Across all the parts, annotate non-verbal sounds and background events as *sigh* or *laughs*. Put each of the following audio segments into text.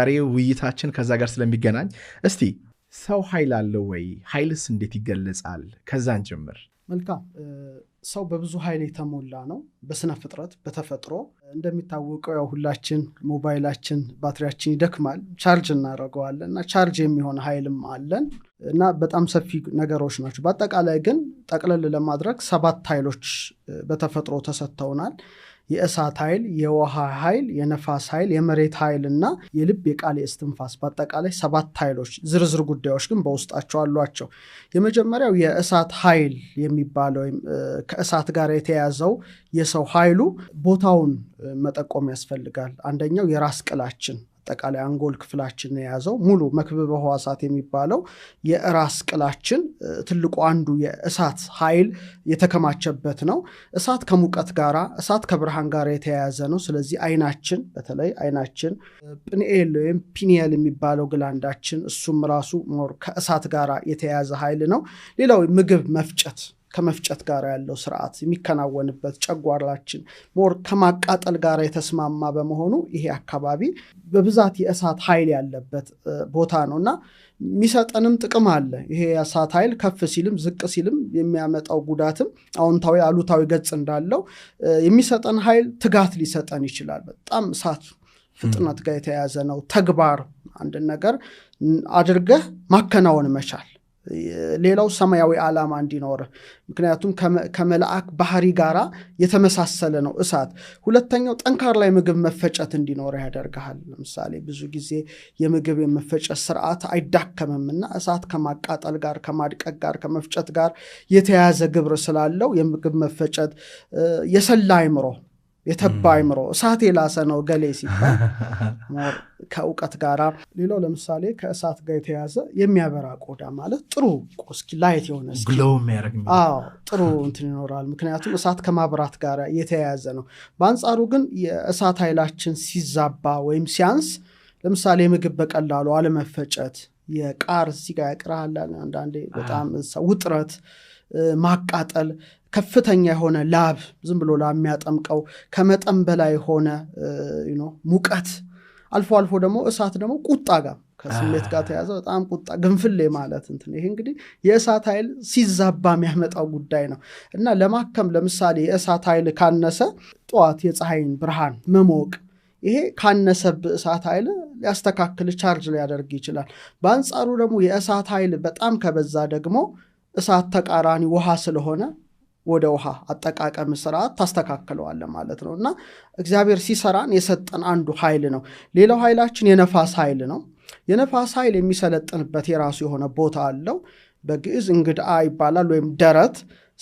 ዛሬ ውይይታችን ከዛ ጋር ስለሚገናኝ እስቲ ሰው ኃይል አለው ወይ? ኃይልስ እንዴት ይገለጻል? ከዛን ጀምር። መልካም ሰው በብዙ ኃይል የተሞላ ነው። በስነ ፍጥረት በተፈጥሮ እንደሚታወቀው ያው ሁላችን ሞባይላችን ባትሪያችን ይደክማል፣ ቻርጅ እናደርገዋለን እና ቻርጅ የሚሆን ኃይልም አለን እና በጣም ሰፊ ነገሮች ናቸው። በአጠቃላይ ግን ጠቅለል ለማድረግ ሰባት ኃይሎች በተፈጥሮ ተሰጥተውናል። የእሳት ኃይል፣ የውሃ ኃይል፣ የነፋስ ኃይል፣ የመሬት ኃይል እና የልብ የቃል የእስትንፋስ በአጠቃላይ ሰባት ኃይሎች ዝርዝር ጉዳዮች ግን በውስጣቸው አሏቸው። የመጀመሪያው የእሳት ኃይል የሚባለው ወይም ከእሳት ጋር የተያያዘው የሰው ኃይሉ ቦታውን መጠቆም ያስፈልጋል። አንደኛው የራስ ቅላችን አጠቃላይ አንጎል ክፍላችን የያዘው ሙሉ መክብበ ሕዋሳት የሚባለው የራስ ቅላችን ትልቁ አንዱ የእሳት ኃይል የተከማቸበት ነው። እሳት ከሙቀት ጋራ፣ እሳት ከብርሃን ጋር የተያያዘ ነው። ስለዚህ አይናችን በተለይ አይናችን ፒኒኤል ወይም ፒኒየል የሚባለው ግላንዳችን እሱም ራሱ ሞር ከእሳት ጋር የተያያዘ ኃይል ነው። ሌላው ምግብ መፍጨት ከመፍጨት ጋር ያለው ስርዓት የሚከናወንበት ጨጓራችን ሞር ከማቃጠል ጋር የተስማማ በመሆኑ ይሄ አካባቢ በብዛት የእሳት ኃይል ያለበት ቦታ ነው እና የሚሰጠንም ጥቅም አለ። ይሄ የእሳት ኃይል ከፍ ሲልም ዝቅ ሲልም የሚያመጣው ጉዳትም አዎንታዊ፣ አሉታዊ ገጽ እንዳለው የሚሰጠን ኃይል ትጋት ሊሰጠን ይችላል። በጣም እሳት ፍጥነት ጋር የተያያዘ ነው። ተግባር አንድን ነገር አድርገህ ማከናወን መቻል ሌላው ሰማያዊ ዓላማ እንዲኖር ምክንያቱም ከመልአክ ባህሪ ጋራ የተመሳሰለ ነው እሳት። ሁለተኛው ጠንካራ ላይ ምግብ መፈጨት እንዲኖር ያደርግሃል። ለምሳሌ ብዙ ጊዜ የምግብ የመፈጨት ስርዓት አይዳከምም እና እሳት ከማቃጠል ጋር፣ ከማድቀቅ ጋር፣ ከመፍጨት ጋር የተያያዘ ግብር ስላለው የምግብ መፈጨት የሰላ አይምሮ የተባ አይምሮ እሳት የላሰ ነው ገሌ ሲባል *laughs* ከእውቀት ጋር ሌላው ለምሳሌ ከእሳት ጋር የተያዘ የሚያበራ ቆዳ ማለት ጥሩ ቆስኪ ላይት የሆነ ጥሩ እንትን ይኖራል። ምክንያቱም እሳት ከማብራት ጋር የተያያዘ ነው። በአንጻሩ ግን የእሳት ኃይላችን ሲዛባ ወይም ሲያንስ ለምሳሌ ምግብ በቀላሉ አለመፈጨት፣ የቃር እዚህ ጋር ያቅርሃል አንዳንዴ በጣም ውጥረት ማቃጠል ከፍተኛ የሆነ ላብ ዝም ብሎ ላብ የሚያጠምቀው ከመጠን በላይ የሆነ ሙቀት አልፎ አልፎ ደግሞ እሳት ደግሞ ቁጣ ጋር ከስሜት ጋር ተያዘ በጣም ቁጣ ግንፍሌ ማለት እንትን ይሄ እንግዲህ የእሳት ኃይል ሲዛባ የሚያመጣው ጉዳይ ነው እና ለማከም ለምሳሌ የእሳት ኃይል ካነሰ ጠዋት የፀሐይን ብርሃን መሞቅ ይሄ ካነሰብ እሳት ኃይል ሊያስተካክል ቻርጅ ሊያደርግ ይችላል። በአንጻሩ ደግሞ የእሳት ኃይል በጣም ከበዛ ደግሞ እሳት ተቃራኒ ውሃ ስለሆነ ወደ ውሃ አጠቃቀም ስርዓት ታስተካክለዋለ ማለት ነው እና እግዚአብሔር ሲሰራን የሰጠን አንዱ ኃይል ነው። ሌላው ኃይላችን የነፋስ ኃይል ነው። የነፋስ ኃይል የሚሰለጥንበት የራሱ የሆነ ቦታ አለው። በግዕዝ እንግድአ ይባላል ወይም ደረት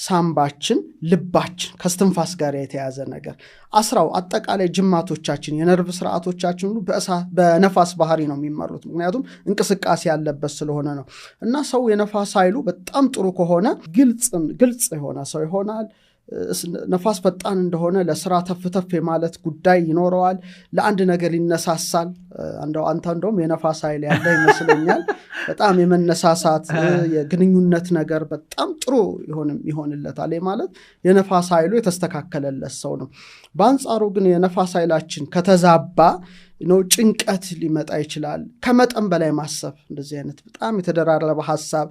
ሳምባችን፣ ልባችን ከስትንፋስ ጋር የተያዘ ነገር አስራው አጠቃላይ ጅማቶቻችን፣ የነርቭ ስርዓቶቻችን ሁሉ በነፋስ ባህሪ ነው የሚመሩት። ምክንያቱም እንቅስቃሴ ያለበት ስለሆነ ነው። እና ሰው የነፋስ ኃይሉ በጣም ጥሩ ከሆነ ግልጽ የሆነ ሰው ይሆናል። ነፋስ ፈጣን እንደሆነ ለስራ ተፍተፍ የማለት ጉዳይ ይኖረዋል። ለአንድ ነገር ይነሳሳል። እንደው አንተ እንደውም የነፋስ ኃይል ያለ ይመስለኛል። በጣም የመነሳሳት የግንኙነት ነገር በጣም ጥሩ ይሆንለታል። ማለት የነፋስ ኃይሉ የተስተካከለለት ሰው ነው። በአንጻሩ ግን የነፋስ ኃይላችን ከተዛባ ነው ጭንቀት ሊመጣ ይችላል። ከመጠን በላይ ማሰብ፣ እንደዚህ አይነት በጣም የተደራረበ ሀሳብ፣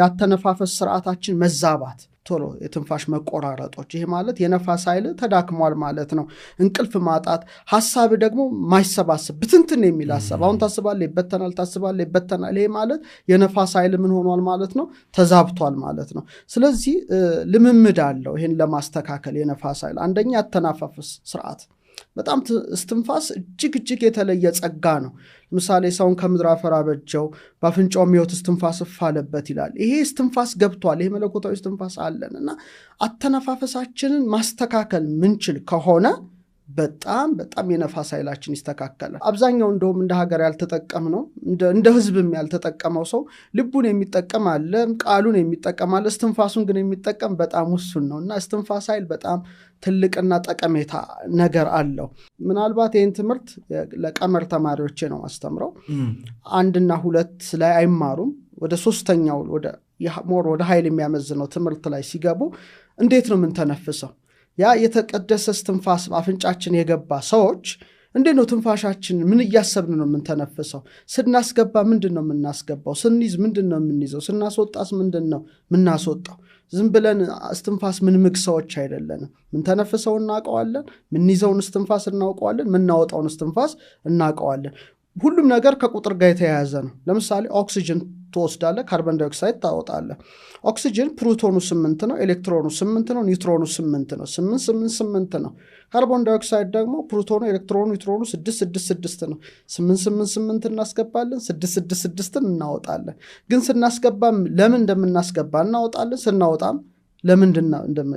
ያተነፋፈስ ስርዓታችን መዛባት ቶሎ የትንፋሽ መቆራረጦች፣ ይሄ ማለት የነፋስ ኃይል ተዳክሟል ማለት ነው። እንቅልፍ ማጣት፣ ሀሳብ ደግሞ ማይሰባስብ ብትንትን የሚል ሀሳብ አሁን ታስባለ ይበተናል፣ ታስባለ ይበተናል። ይሄ ማለት የነፋስ ኃይል ምን ሆኗል ማለት ነው? ተዛብቷል ማለት ነው። ስለዚህ ልምምድ አለው ይህን ለማስተካከል የነፋስ ኃይል አንደኛ አተናፋፍስ ስርዓት በጣም እስትንፋስ እጅግ እጅግ የተለየ ጸጋ ነው። ለምሳሌ ሰውን ከምድር አፈር አበጀው በአፍንጫው ሕይወት እስትንፋስ አለበት ይላል። ይሄ እስትንፋስ ገብቷል። ይሄ መለኮታዊ እስትንፋስ አለን እና አተነፋፈሳችንን ማስተካከል ምንችል ከሆነ በጣም በጣም የነፋስ ኃይላችን ይስተካከላል። አብዛኛው እንደውም እንደ ሀገር ያልተጠቀም ነው እንደ ህዝብም ያልተጠቀመው ሰው ልቡን የሚጠቀም አለ፣ ቃሉን የሚጠቀም አለ፣ እስትንፋሱን ግን የሚጠቀም በጣም ውሱን ነው እና እስትንፋስ ኃይል በጣም ትልቅና ጠቀሜታ ነገር አለው። ምናልባት ይህን ትምህርት ለቀመር ተማሪዎቼ ነው አስተምረው አንድና ሁለት ላይ አይማሩም። ወደ ሶስተኛው ሞር ወደ ኃይል የሚያመዝነው ትምህርት ላይ ሲገቡ እንዴት ነው የምንተነፍሰው ያ የተቀደሰ ትንፋስ አፍንጫችን የገባ ሰዎች እንዴት ነው ትንፋሻችን? ምን እያሰብን ነው የምንተነፍሰው? ስናስገባ ምንድን ነው የምናስገባው? ስንይዝ ምንድን ነው የምንይዘው? ስናስወጣስ ምንድን ነው የምናስወጣው? ዝም ብለን እስትንፋስ ምንምግ ሰዎች አይደለንም። ምንተነፍሰው እናውቀዋለን። ምንይዘውን እስትንፋስ እናውቀዋለን። ምናወጣውን እስትንፋስ እናውቀዋለን። ሁሉም ነገር ከቁጥር ጋር የተያያዘ ነው። ለምሳሌ ኦክሲጅን ትወስዳለህ፣ ካርበን ዳይኦክሳይድ ታወጣለህ። ኦክሲጅን ፕሮቶኑ ስምንት ነው፣ ኤሌክትሮኑ ስምንት ነው፣ ኒውትሮኑ ስምንት ነው። ስምንት ስምንት ስምንት ነው። ካርቦን ዳይኦክሳይድ ደግሞ ፕሮቶኑ፣ ኤሌክትሮኑ፣ ኒውትሮኑ ስድስት ስድስት ስድስት ነው። ስምንት ስምንት ስምንት እናስገባለን፣ ስድስት ስድስት ስድስትን እናወጣለን። ግን ስናስገባም ለምን እንደምናስገባ እናወጣለን፣ ስናወጣም ለምንድና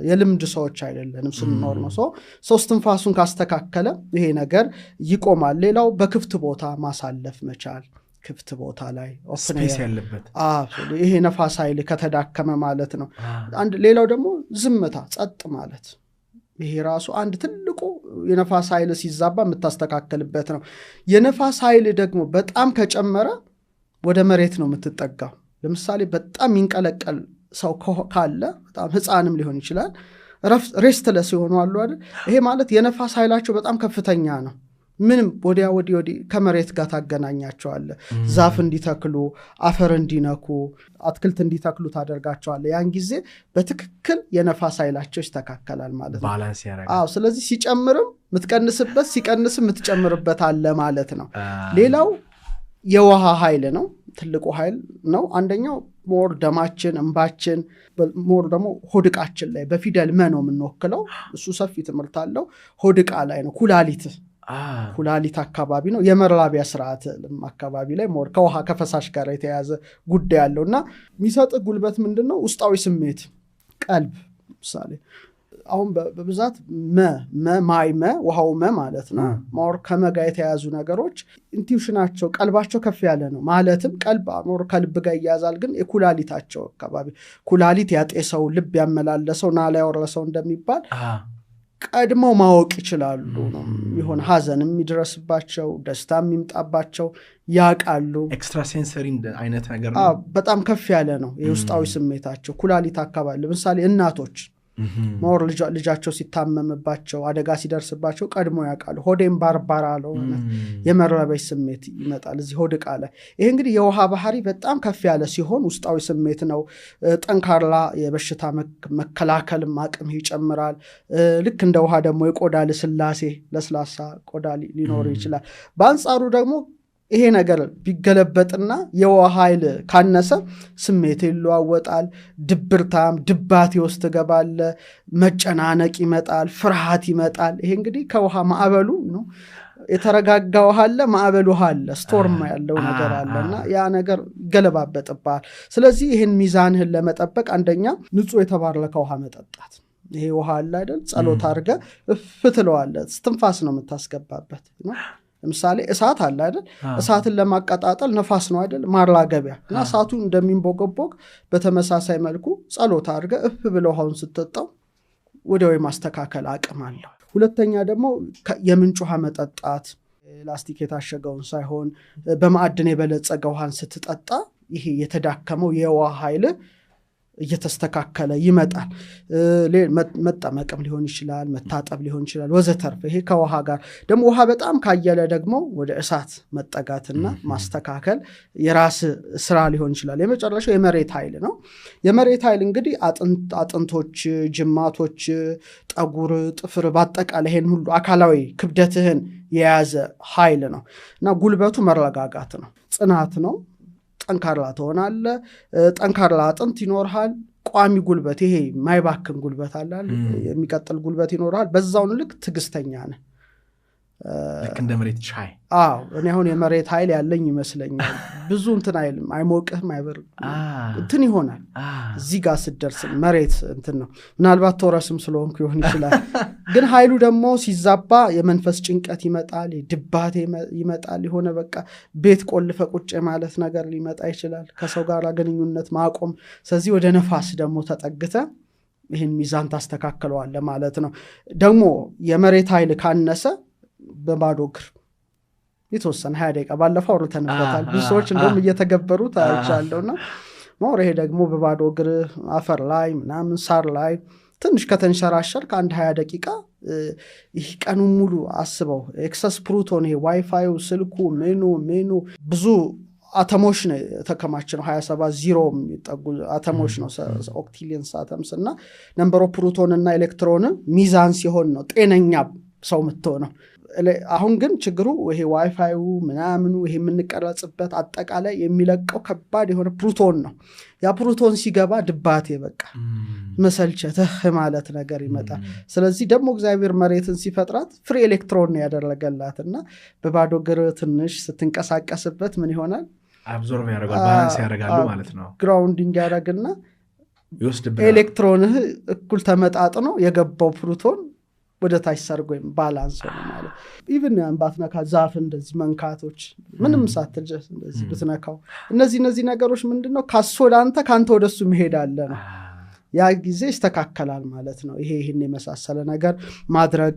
የልምድ ሰዎች አይደለንም። ስንኖር ነው ሰው ሰው እስትንፋሱን ካስተካከለ ይሄ ነገር ይቆማል። ሌላው በክፍት ቦታ ማሳለፍ መቻል ክፍት ቦታ ላይ ያለበት ይሄ ነፋስ ኃይል ከተዳከመ ማለት ነው። አንድ ሌላው ደግሞ ዝምታ፣ ጸጥ ማለት ይሄ ራሱ አንድ ትልቁ የነፋስ ኃይል ሲዛባ የምታስተካከልበት ነው። የነፋስ ኃይል ደግሞ በጣም ከጨመረ ወደ መሬት ነው የምትጠጋው። ለምሳሌ በጣም ይንቀለቀል ሰው ካለ በጣም ህፃንም ሊሆን ይችላል። ሬስትለስ የሆኑ አሉ አይደል? ይሄ ማለት የነፋስ ኃይላቸው በጣም ከፍተኛ ነው። ምንም ወዲያ ወዲ ወዲ ከመሬት ጋር ታገናኛቸዋለ። ዛፍ እንዲተክሉ አፈር እንዲነኩ አትክልት እንዲተክሉ ታደርጋቸዋለ። ያን ጊዜ በትክክል የነፋስ ኃይላቸው ይስተካከላል ማለት ነው። ስለዚህ ሲጨምርም የምትቀንስበት ሲቀንስም የምትጨምርበት አለ ማለት ነው። ሌላው የውሃ ኃይል ነው። ትልቁ ኃይል ነው። አንደኛው ሞር ደማችን፣ እንባችን፣ ሞር ደግሞ ሆድቃችን ላይ በፊደል መ ነው የምንወክለው። እሱ ሰፊ ትምህርት አለው። ሆድቃ ላይ ነው ኩላሊት Ah. ኩላሊት አካባቢ ነው የመራቢያ ስርዓት አካባቢ ላይ ሞር ከውሃ ከፈሳሽ ጋር የተያዘ ጉዳይ አለው እና የሚሰጥ ጉልበት ምንድን ነው? ውስጣዊ ስሜት ቀልብ ምሳሌ አሁን በብዛት መ መ ማይ መ ውሃው መ ማለት ነው። ሞር ከመጋ የተያዙ ነገሮች ኢንቲውሽናቸው ቀልባቸው ከፍ ያለ ነው። ማለትም ቀልብ ሞር ከልብ ጋር ይያዛል፣ ግን የኩላሊታቸው አካባቢ ኩላሊት ያጤሰው ልብ ያመላለሰው ና ላይ ወረሰው እንደሚባል ቀድመው ማወቅ ይችላሉ። የሆነ ሀዘንም የሚደረስባቸው ደስታ የሚምጣባቸው ያውቃሉ። ኤክስትራ ሴንሰሪ አይነት ነገር በጣም ከፍ ያለ ነው የውስጣዊ ስሜታቸው ኩላሊት አካባቢ ለምሳሌ እናቶች ሞር ልጃቸው ሲታመምባቸው አደጋ ሲደርስባቸው ቀድሞ ያውቃሉ። ሆዴም ባርባራ አለው የመረበሽ ስሜት ይመጣል እዚህ ሆድ ቃለ ይሄ እንግዲህ የውሃ ባህሪ በጣም ከፍ ያለ ሲሆን ውስጣዊ ስሜት ነው። ጠንካራ የበሽታ መከላከል አቅም ይጨምራል። ልክ እንደ ውሃ ደግሞ የቆዳ ልስላሴ ለስላሳ ቆዳ ሊኖር ይችላል። በአንጻሩ ደግሞ ይሄ ነገር ቢገለበጥና የውሃ ኃይል ካነሰ ስሜት ይለዋወጣል። ድብርታም ድባቴ ውስጥ ትገባለ። መጨናነቅ ይመጣል፣ ፍርሃት ይመጣል። ይሄ እንግዲህ ከውሃ ማዕበሉ ነው። የተረጋጋ ውሃ አለ፣ ማዕበል ውሃ አለ፣ ስቶርም ያለው ነገር አለ እና ያ ነገር ይገለባበጥብሃል። ስለዚህ ይህን ሚዛንህን ለመጠበቅ አንደኛ ንጹህ የተባረከ ውሃ መጠጣት ይሄ ውሃ አለ አይደል? ጸሎት አድርገህ እፍ ትለዋለህ። ስትንፋስ ነው የምታስገባበት ለምሳሌ እሳት አለ አይደል? እሳትን ለማቀጣጠል ነፋስ ነው አይደል? ማራገቢያ እና እሳቱ እንደሚንቦገቦግ በተመሳሳይ መልኩ ጸሎት አድርገ እፍ ብለ ውሃውን ስትጠጣው ወዲያው የማስተካከል አቅም አለው። ሁለተኛ ደግሞ የምንጭ ውሃ መጠጣት ላስቲክ የታሸገውን ሳይሆን በማዕድን የበለጸገ ውሃን ስትጠጣ ይሄ የተዳከመው የውሃ ኃይል እየተስተካከለ ይመጣል። መጠመቅም ሊሆን ይችላል፣ መታጠብ ሊሆን ይችላል ወዘተርፈ። ይሄ ከውሃ ጋር ደግሞ ውሃ በጣም ካየለ ደግሞ ወደ እሳት መጠጋትና ማስተካከል የራስ ስራ ሊሆን ይችላል። የመጨረሻው የመሬት ኃይል ነው። የመሬት ኃይል እንግዲህ አጥንቶች፣ ጅማቶች፣ ጠጉር፣ ጥፍር በአጠቃላይ ይሄን ሁሉ አካላዊ ክብደትህን የያዘ ኃይል ነው እና ጉልበቱ መረጋጋት ነው፣ ጽናት ነው ጠንካራ ትሆናለ ጠንካራ አጥንት ይኖርሃል። ቋሚ ጉልበት፣ ይሄ ማይባክን ጉልበት አላል የሚቀጥል ጉልበት ይኖርሃል። በዛውን ልክ ትግስተኛ ነህ። ልክ እንደ መሬት ሻይ። አዎ እኔ አሁን የመሬት ኃይል ያለኝ ይመስለኛል። ብዙ እንትን አይልም፣ አይሞቅህም፣ አይበር እንትን ይሆናል። እዚህ ጋር ስደርስ መሬት እንትን ነው። ምናልባት ተረስም ስለሆንኩ ይሆን ይችላል። ግን ኃይሉ ደግሞ ሲዛባ የመንፈስ ጭንቀት ይመጣል፣ ድባቴ ይመጣል። የሆነ በቃ ቤት ቆልፈ ቁጭ ማለት ነገር ሊመጣ ይችላል፣ ከሰው ጋር ግንኙነት ማቆም። ስለዚህ ወደ ነፋስ ደግሞ ተጠግተ ይህን ሚዛን ታስተካክለዋለ ማለት ነው። ደግሞ የመሬት ኃይል ካነሰ በባዶ እግር የተወሰነ ሀያ ደቂቃ ባለፈው አውርተንበታል። ብዙ ሰዎች እንደም እየተገበሩ ታይቻለሁ እና ሞር ይሄ ደግሞ በባዶ እግር አፈር ላይ ምናምን ሳር ላይ ትንሽ ከተንሸራሸር ከአንድ ሀያ ደቂቃ ይህ ቀኑ ሙሉ አስበው ኤክሰስ ፕሩቶን ይሄ ዋይፋዩ ስልኩ ሜኑ ሜኑ ብዙ አተሞች ነው የተከማች ነው ሀያ ሰባ ዚሮ የሚጠጉ አተሞች ነው ኦክቲሊየንስ አተምስ እና ነንበሮ ፕሩቶን እና ኤሌክትሮን ሚዛን ሲሆን ነው ጤነኛ ሰው የምትሆነው አሁን ግን ችግሩ ይሄ ዋይፋዩ ምናምኑ ይሄ የምንቀረጽበት አጠቃላይ የሚለቀው ከባድ የሆነ ፕሩቶን ነው። ያ ፕሩቶን ሲገባ ድባቴ በቃ መሰልቸትህ ማለት ነገር ይመጣል። ስለዚህ ደግሞ እግዚአብሔር መሬትን ሲፈጥራት ፍሪ ኤሌክትሮን ነው ያደረገላት እና በባዶ ግር ትንሽ ስትንቀሳቀስበት ምን ይሆናል? አብዞርብ ያደርጋል፣ ባላንስ ማለት ነው። ግራውንዲንግ ያደረግና ኤሌክትሮንህ እኩል ተመጣጥኖ የገባው ፕሩቶን ወደ ታች ሰርጎ ወይም ባላንስ ሆነ ማለት ኢቨን ባትነካ ዛፍ እንደዚህ መንካቶች ምንም ሳትጀስ እንደዚህ ብትነካው እነዚህ እነዚህ ነገሮች ምንድን ነው ካሶ ወደ አንተ ከአንተ ወደሱ መሄዳለ ነው ያ ጊዜ ይስተካከላል ማለት ነው። ይሄ ይህን የመሳሰለ ነገር ማድረግ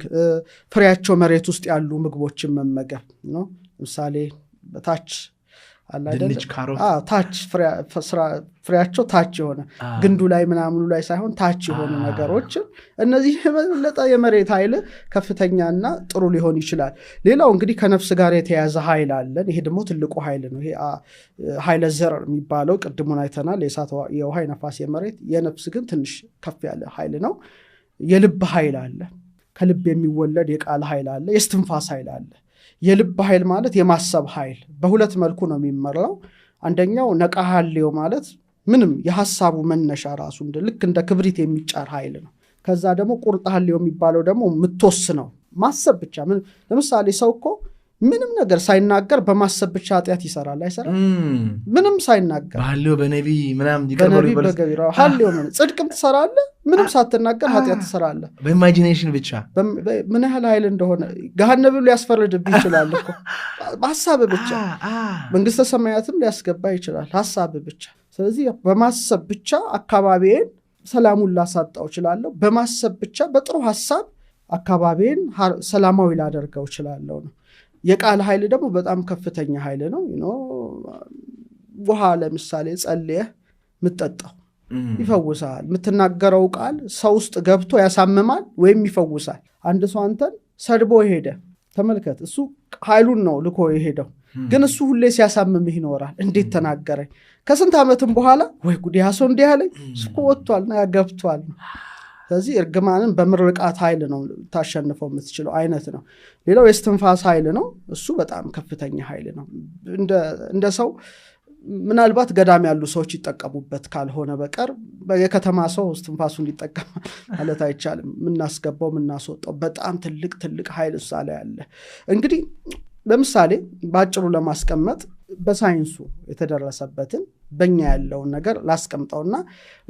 ፍሬያቸው መሬት ውስጥ ያሉ ምግቦችን መመገብ ነው። ምሳሌ በታች ታች ፍሬያቸው ታች የሆነ ግንዱ ላይ ምናምኑ ላይ ሳይሆን ታች የሆኑ ነገሮች እነዚህ የበለጠ የመሬት ኃይል ከፍተኛና ጥሩ ሊሆን ይችላል። ሌላው እንግዲህ ከነፍስ ጋር የተያዘ ኃይል አለን። ይሄ ደግሞ ትልቁ ኃይል ነው። ይሄ ኃይለ ዘር የሚባለው ቅድሙን አይተናል። የእሳት፣ የውሃ፣ የመሬት። የነፍስ ግን ትንሽ ከፍ ያለ ኃይል ነው። የልብ ኃይል አለ። ከልብ የሚወለድ የቃል ኃይል አለ። የስትንፋስ ኃይል አለ። የልብ ኃይል ማለት የማሰብ ኃይል በሁለት መልኩ ነው የሚመራው። አንደኛው ነቃ ማለት ምንም የሀሳቡ መነሻ ራሱ ልክ እንደ ክብሪት የሚጫር ኃይል ነው። ከዛ ደግሞ ቁርጥ የሚባለው ደግሞ ነው ማሰብ ብቻ። ለምሳሌ ሰው እኮ ምንም ነገር ሳይናገር በማሰብ ብቻ ኃጢአት ይሰራል አይሰራም። ምንም ሳይናገር ባለው ምናምን ጽድቅም ምንም ሳትናገር ኃጢአት ትሰራለህ። በኢማጂኔሽን ብቻ ምን ያህል ኃይል እንደሆነ ገሃነብ ሊያስፈርድብህ ይችላል እኮ በሀሳብ ብቻ። መንግስተ ሰማያትም ሊያስገባ ይችላል ሀሳብ ብቻ። ስለዚህ በማሰብ ብቻ አካባቢዬን ሰላሙን ላሳጣው ይችላለሁ በማሰብ ብቻ በጥሩ ሀሳብ አካባቢን ሰላማዊ ላደርገው ይችላለው ነው የቃል ኃይል ደግሞ በጣም ከፍተኛ ኃይል ነው። ውሃ ለምሳሌ ጸልየ የምትጠጣው ይፈውሳል። የምትናገረው ቃል ሰው ውስጥ ገብቶ ያሳምማል ወይም ይፈውሳል። አንድ ሰው አንተን ሰድቦ ሄደ፣ ተመልከት። እሱ ኃይሉን ነው ልኮ የሄደው፣ ግን እሱ ሁሌ ሲያሳምምህ ይኖራል። እንዴት ተናገረኝ? ከስንት ዓመትም በኋላ ወይ ጉዲያ ሰው እንዲህ ያለኝ እሱ ወጥቷል ና ገብቷል ነው ስለዚህ እርግማንን በምርቃት ኃይል ነው ታሸንፈው የምትችለው አይነት ነው። ሌላው የስትንፋስ ኃይል ነው። እሱ በጣም ከፍተኛ ኃይል ነው። እንደ ሰው ምናልባት ገዳም ያሉ ሰዎች ይጠቀሙበት ካልሆነ በቀር የከተማ ሰው እስትንፋሱን ሊጠቀም ማለት አይቻልም። የምናስገባው የምናስወጣው በጣም ትልቅ ትልቅ ኃይል እሳ ላይ አለ እንግዲህ ለምሳሌ በአጭሩ ለማስቀመጥ በሳይንሱ የተደረሰበትን በኛ ያለውን ነገር ላስቀምጠውና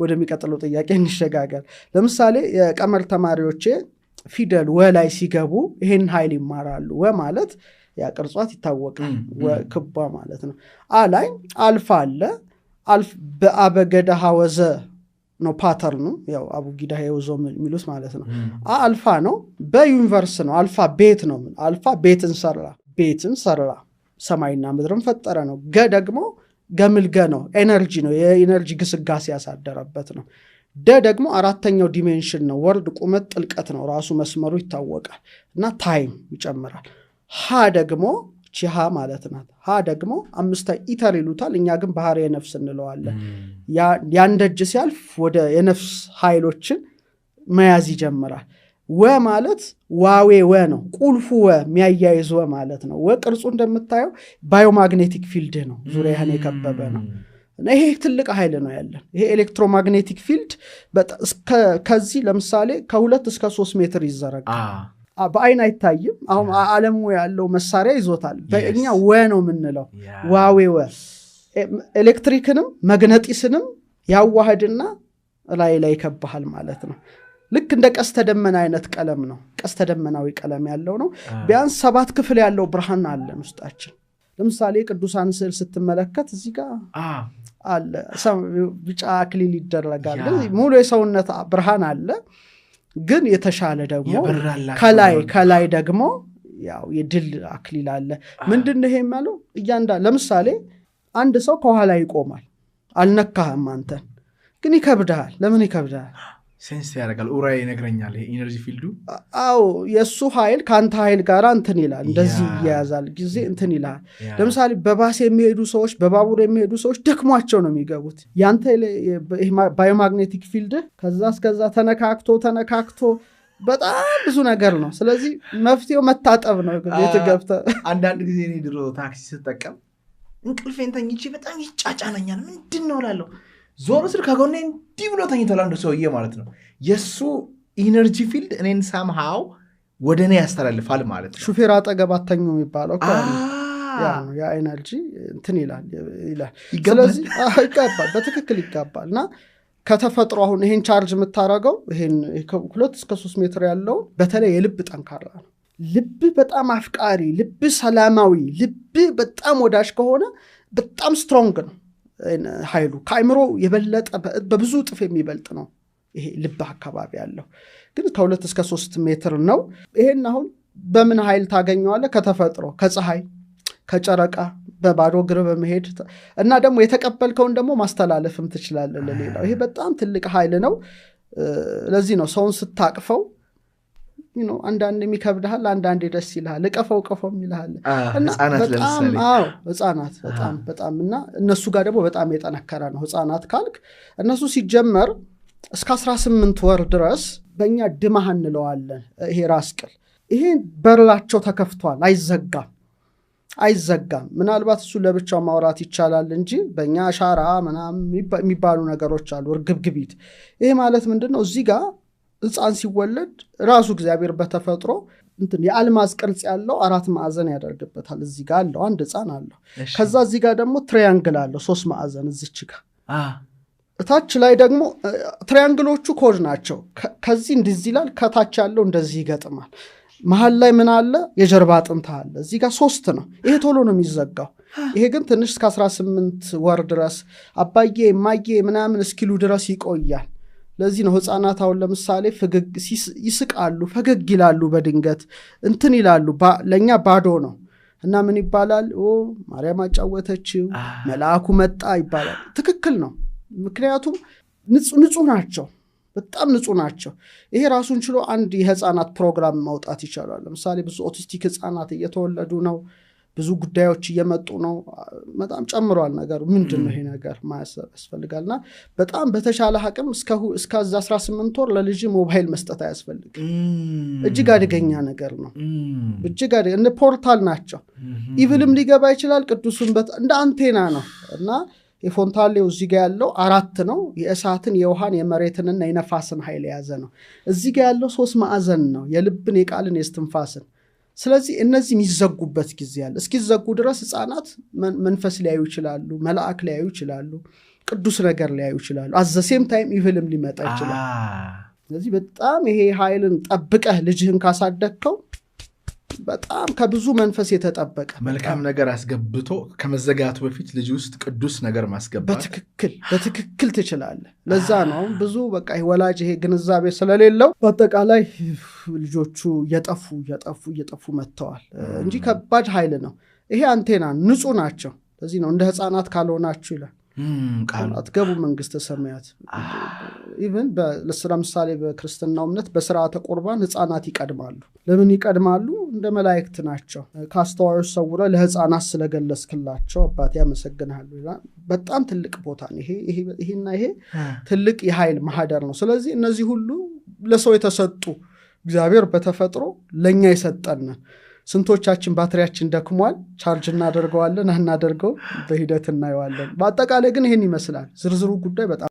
ወደሚቀጥለው ጥያቄ እንሸጋገር። ለምሳሌ የቀመር ተማሪዎቼ ፊደል ወ ላይ ሲገቡ ይሄን ሀይል ይማራሉ። ወ ማለት ያ ይታወቃል፣ ክቧ ማለት ነው። አላይ ላይ አልፋ አለ። አልፍ በአበገደ ሀወዘ ነው ፓተርኑ፣ ያው አቡጊዳ ሄውዞ የሚሉት ማለት ነው። አልፋ ነው፣ በዩኒቨርስ ነው፣ አልፋ ቤት ነው። አልፋ ቤትን ሰራ፣ ቤትን ሰራ፣ ሰማይና ምድርን ፈጠረ ነው። ገ ደግሞ ገምልገ ነው ኤነርጂ ነው የኤነርጂ ግስጋሴ ያሳደረበት ነው። ደ ደግሞ አራተኛው ዲሜንሽን ነው ወርድ ቁመት ጥልቀት ነው ራሱ መስመሩ ይታወቃል እና ታይም ይጨምራል። ሀ ደግሞ ቺሃ ማለት ናት። ሀ ደግሞ አምስተ ኢተር ይሉታል እኛ ግን ባህር የነፍስ እንለዋለን። ያንደጅ ሲያልፍ ወደ የነፍስ ኃይሎችን መያዝ ይጀምራል። ወ ማለት ዋዌ ወ ነው። ቁልፉ ወ የሚያያይዝ ወ ማለት ነው። ወ ቅርጹ እንደምታየው ባዮማግኔቲክ ፊልድ ነው፣ ዙሪያህን የከበበ ነው ይሄ ትልቅ ኃይል ነው ያለን። ይሄ ኤሌክትሮማግኔቲክ ፊልድ ከዚህ ለምሳሌ ከሁለት እስከ ሶስት ሜትር ይዘረጋ፣ በአይን አይታይም። አሁን አለሙ ያለው መሳሪያ ይዞታል። በእኛ ወ ነው የምንለው ዋዌ ወ ኤሌክትሪክንም መግነጢስንም ያዋህድና ላይ ላይ ይከብሃል ማለት ነው። ልክ እንደ ቀስተ ደመና አይነት ቀለም ነው። ቀስተ ደመናዊ ቀለም ያለው ነው። ቢያንስ ሰባት ክፍል ያለው ብርሃን አለን ውስጣችን። ለምሳሌ ቅዱሳን ስዕል ስትመለከት እዚህ ጋር አለ ቢጫ አክሊል ይደረጋል። ሙሉ የሰውነት ብርሃን አለ። ግን የተሻለ ደግሞ ከላይ ከላይ ደግሞ ያው የድል አክሊል አለ። ምንድን ይሄ የሚያለው? እያንዳ ለምሳሌ አንድ ሰው ከኋላ ይቆማል። አልነካህም አንተን፣ ግን ይከብድሃል። ለምን ይከብድሃል? ሴንስ ያደርጋል ራ ይነግረኛል። ይሄ ኢነርጂ ፊልዱ አዎ የእሱ ኃይል ከአንተ ኃይል ጋር እንትን ይላል፣ እንደዚህ እያያዛል ጊዜ እንትን ይላል ለምሳሌ በባስ የሚሄዱ ሰዎች፣ በባቡር የሚሄዱ ሰዎች ደክሟቸው ነው የሚገቡት። ያንተ ባዮማግኔቲክ ፊልድ ከዛ እስከዛ ተነካክቶ ተነካክቶ በጣም ብዙ ነገር ነው። ስለዚህ መፍትሄው መታጠብ ነው። ቤት ገብተ አንዳንድ ጊዜ ድሮ ታክሲ ስጠቀም እንቅልፌን ተኝቼ በጣም ይጫጫነኛል። ምንድን ነው ላለው ዞሮ ስል ከጎኔ እንዲህ ብሎ ተኝቷል አንዱ ሰውዬ ማለት ነው። የእሱ ኢነርጂ ፊልድ እኔን ሳምሃው ወደ እኔ ያስተላልፋል ማለት ነው። ሹፌር አጠገብ አተኙ የሚባለው የኤነርጂ እንትን ይላል ይላል። ስለዚህ ይጋባል፣ በትክክል ይጋባል እና ከተፈጥሮ አሁን ይሄን ቻርጅ የምታረገው ይሄን ሁለት እስከ ሶስት ሜትር ያለውን በተለይ የልብ ጠንካራ ነው። ልብ በጣም አፍቃሪ፣ ልብ ሰላማዊ፣ ልብ በጣም ወዳጅ ከሆነ በጣም ስትሮንግ ነው። ኃይሉ ከአይምሮ የበለጠ በብዙ እጥፍ የሚበልጥ ነው። ይሄ ልብ አካባቢ ያለው ግን ከሁለት እስከ ሶስት ሜትር ነው። ይሄን አሁን በምን ኃይል ታገኘዋለህ? ከተፈጥሮ ከፀሐይ፣ ከጨረቃ በባዶ እግር በመሄድ እና ደግሞ የተቀበልከውን ደግሞ ማስተላለፍም ትችላለህ ለሌላው። ይሄ በጣም ትልቅ ኃይል ነው። ለዚህ ነው ሰውን ስታቅፈው አንዳንድ የሚከብድሃል፣ አንዳንዴ ደስ ይልሃል፣ እቀፈው ቀፈው ይልሃል። ህጻናት በጣም በጣም እና እነሱ ጋር ደግሞ በጣም የጠነከረ ነው። ህጻናት ካልክ እነሱ ሲጀመር እስከ 18 ወር ድረስ በእኛ ድማህ እንለዋለን። ይሄ ራስ ቅል ይሄ በርላቸው ተከፍቷል፣ አይዘጋም አይዘጋም። ምናልባት እሱ ለብቻው ማውራት ይቻላል እንጂ በእኛ ሻራ ምናም የሚባሉ ነገሮች አሉ። እርግብግቢት ይሄ ማለት ምንድነው እዚህ ጋር ህፃን ሲወለድ ራሱ እግዚአብሔር በተፈጥሮ የአልማዝ ቅርጽ ያለው አራት ማዕዘን ያደርግበታል። እዚህ ጋር አለው አንድ ህፃን አለው። ከዛ እዚህ ጋር ደግሞ ትሪያንግል አለው ሶስት ማዕዘን እዚች ጋር እታች ላይ ደግሞ ትሪያንግሎቹ ኮድ ናቸው። ከዚህ እንደዚህ ይላል፣ ከታች ያለው እንደዚህ ይገጥማል። መሀል ላይ ምን አለ? የጀርባ አጥንት አለ። እዚህ ጋር ሶስት ነው። ይሄ ቶሎ ነው የሚዘጋው። ይሄ ግን ትንሽ እስከ 18 ወር ድረስ አባዬ ማዬ ምናምን እስኪሉ ድረስ ይቆያል። ለዚህ ነው ህፃናት አሁን ለምሳሌ ይስቃሉ፣ ፈገግ ይላሉ፣ በድንገት እንትን ይላሉ። ለእኛ ባዶ ነው እና ምን ይባላል? ማርያም አጫወተችው፣ መልአኩ መጣ ይባላል። ትክክል ነው። ምክንያቱም ንጹህ ናቸው፣ በጣም ንጹህ ናቸው። ይሄ ራሱን ችሎ አንድ የህፃናት ፕሮግራም ማውጣት ይቻላል። ለምሳሌ ብዙ ኦቲስቲክ ህፃናት እየተወለዱ ነው ብዙ ጉዳዮች እየመጡ ነው። በጣም ጨምሯል ነገሩ። ምንድን ነው ይሄ ነገር ማሰብ ና በጣም በተሻለ አቅም እስከ 18 ወር ለልጅ ሞባይል መስጠት አያስፈልግ። እጅግ አደገኛ ነገር ነው። እጅግ እንደ ፖርታል ናቸው። ኢቭልም ሊገባ ይችላል። ቅዱሱን እንደ አንቴና ነው እና የፎንታሌው እዚ ጋ ያለው አራት ነው። የእሳትን የውሃን የመሬትንና የነፋስን ኃይል የያዘ ነው። እዚ ጋ ያለው ሶስት ማዕዘን ነው። የልብን የቃልን የስትንፋስን ስለዚህ እነዚህ የሚዘጉበት ጊዜ አለ። እስኪዘጉ ድረስ ህፃናት መንፈስ ሊያዩ ይችላሉ፣ መልአክ ሊያዩ ይችላሉ፣ ቅዱስ ነገር ሊያዩ ይችላሉ። አዘሴም ታይም ይህልም ሊመጣ ይችላል። ስለዚህ በጣም ይሄ ኃይልን ጠብቀህ ልጅህን ካሳደግከው በጣም ከብዙ መንፈስ የተጠበቀ መልካም ነገር አስገብቶ ከመዘጋቱ በፊት ልጅ ውስጥ ቅዱስ ነገር ማስገባት በትክክል በትክክል ትችላለ። ለዛ ነው ብዙ በቃ ወላጅ ይሄ ግንዛቤ ስለሌለው በአጠቃላይ ልጆቹ እየጠፉ እየጠፉ እየጠፉ መጥተዋል እንጂ ከባድ ኃይል ነው ይሄ። አንቴና ንጹህ ናቸው። ለዚህ ነው እንደ ህፃናት ካልሆናችሁ ይላል አትገቡ መንግስተ ሰማያት ኢቨን ምሳሌ በክርስትናው እምነት በስርዓተ ቁርባን ህፃናት ይቀድማሉ። ለምን ይቀድማሉ? እንደ መላይክት ናቸው። ከአስተዋዮች ሰውረ ለህፃናት ስለገለስክላቸው አባት ያመሰግናሉ። በጣም ትልቅ ቦታ ይሄና ይሄ ትልቅ የኃይል ማህደር ነው። ስለዚህ እነዚህ ሁሉ ለሰው የተሰጡ እግዚአብሔር በተፈጥሮ ለእኛ የሰጠን ስንቶቻችን ባትሪያችን ደክሟል፣ ቻርጅ እናደርገዋለን፣ እናደርገው በሂደት እናየዋለን። በአጠቃላይ ግን ይህን ይመስላል ዝርዝሩ ጉዳይ በጣም